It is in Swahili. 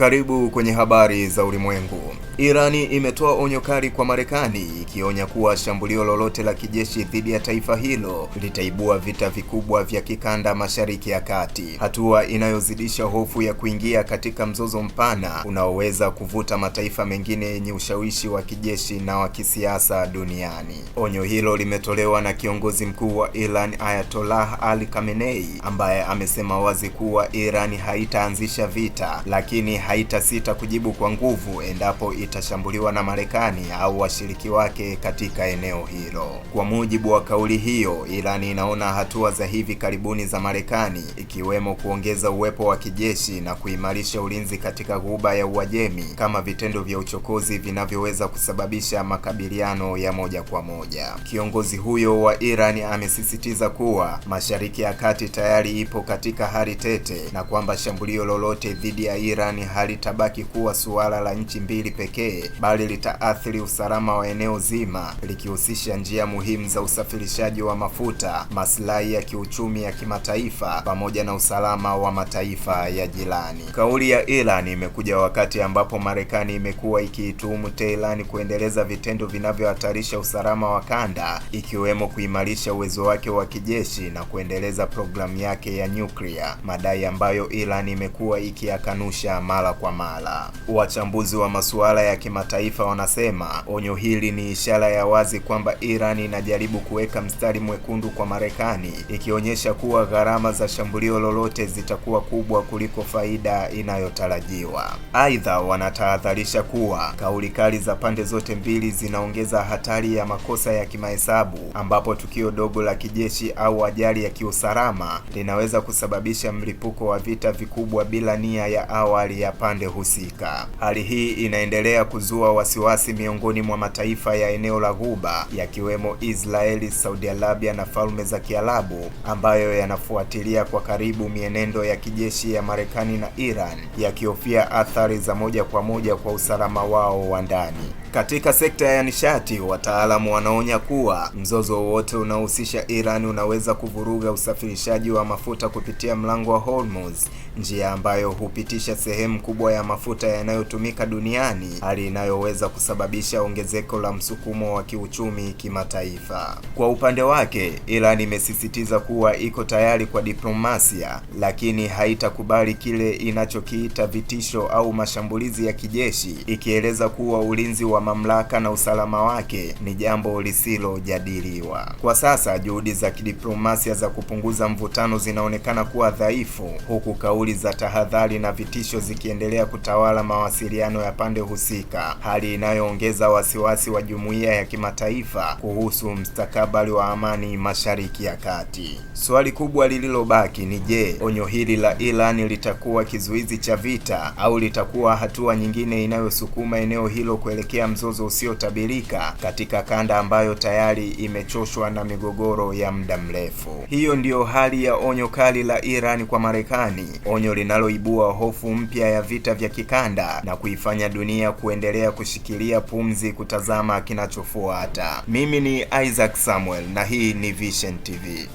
Karibu kwenye habari za ulimwengu. Irani imetoa onyo kali kwa Marekani ikionya kuwa shambulio lolote la kijeshi dhidi ya taifa hilo litaibua vita vikubwa vya kikanda Mashariki ya Kati, hatua inayozidisha hofu ya kuingia katika mzozo mpana unaoweza kuvuta mataifa mengine yenye ushawishi wa kijeshi na wa kisiasa duniani. Onyo hilo limetolewa na kiongozi mkuu wa Iran Ayatollah Ali Khamenei ambaye amesema wazi kuwa Iran haitaanzisha vita lakini haitasita kujibu kwa nguvu endapo itashambuliwa na Marekani au washiriki wake katika eneo hilo. Kwa mujibu wa kauli hiyo, Irani inaona hatua za hivi karibuni za Marekani ikiwemo kuongeza uwepo wa kijeshi na kuimarisha ulinzi katika Ghuba ya Uajemi kama vitendo vya uchokozi vinavyoweza kusababisha makabiliano ya moja kwa moja. Kiongozi huyo wa Iran amesisitiza kuwa Mashariki ya Kati tayari ipo katika hali tete na kwamba shambulio lolote dhidi ya Iran halitabaki kuwa suala la nchi mbili pekee, bali litaathiri usalama wa eneo zima, likihusisha njia muhimu za usafirishaji wa mafuta, maslahi ya kiuchumi ya kimataifa, pamoja na usalama wa mataifa ya jirani. Kauli ya Iran imekuja wakati ambapo Marekani imekuwa ikiituhumu Tehran kuendeleza vitendo vinavyohatarisha usalama wa kanda, ikiwemo kuimarisha uwezo wake wa kijeshi na kuendeleza programu yake ya nyuklia, madai ambayo Iran imekuwa ikiyakanusha mara mara kwa mara. Wachambuzi wa masuala ya kimataifa wanasema onyo hili ni ishara ya wazi kwamba Iran inajaribu kuweka mstari mwekundu kwa Marekani, ikionyesha kuwa gharama za shambulio lolote zitakuwa kubwa kuliko faida inayotarajiwa. Aidha, wanatahadharisha kuwa kauli kali za pande zote mbili zinaongeza hatari ya makosa ya kimahesabu, ambapo tukio dogo la kijeshi au ajali ya kiusalama linaweza kusababisha mlipuko wa vita vikubwa bila nia ya awali ya ya pande husika. Hali hii inaendelea kuzua wasiwasi miongoni mwa mataifa ya eneo la Ghuba yakiwemo Israeli, Saudi Arabia na Falme za Kiarabu ambayo yanafuatilia kwa karibu mienendo ya kijeshi ya Marekani na Iran yakihofia athari za moja kwa moja kwa usalama wao wa ndani. Katika sekta ya nishati, wataalamu wanaonya kuwa mzozo wowote unaohusisha Iran unaweza kuvuruga usafirishaji wa mafuta kupitia mlango wa Hormuz, njia ambayo hupitisha sehemu kubwa ya mafuta yanayotumika duniani, hali inayoweza kusababisha ongezeko la msukumo wa kiuchumi kimataifa. Kwa upande wake, Iran imesisitiza kuwa iko tayari kwa diplomasia, lakini haitakubali kile inachokiita vitisho au mashambulizi ya kijeshi, ikieleza kuwa ulinzi wa mamlaka na usalama wake ni jambo lisilojadiliwa. Kwa sasa juhudi za kidiplomasia za kupunguza mvutano zinaonekana kuwa dhaifu, huku kauli za tahadhari na vitisho zikiendelea kutawala mawasiliano ya pande husika, hali inayoongeza wasiwasi wa jumuiya ya kimataifa kuhusu mstakabali wa amani Mashariki ya Kati. Swali kubwa lililobaki ni je, onyo hili la Iran litakuwa kizuizi cha vita au litakuwa hatua nyingine inayosukuma eneo hilo kuelekea mzozo usiotabirika katika kanda ambayo tayari imechoshwa na migogoro ya muda mrefu. Hiyo ndiyo hali ya onyo kali la Iran kwa Marekani, onyo linaloibua hofu mpya ya vita vya kikanda na kuifanya dunia kuendelea kushikilia pumzi kutazama kinachofuata. Mimi ni Isaac Samuel na hii ni Vision TV.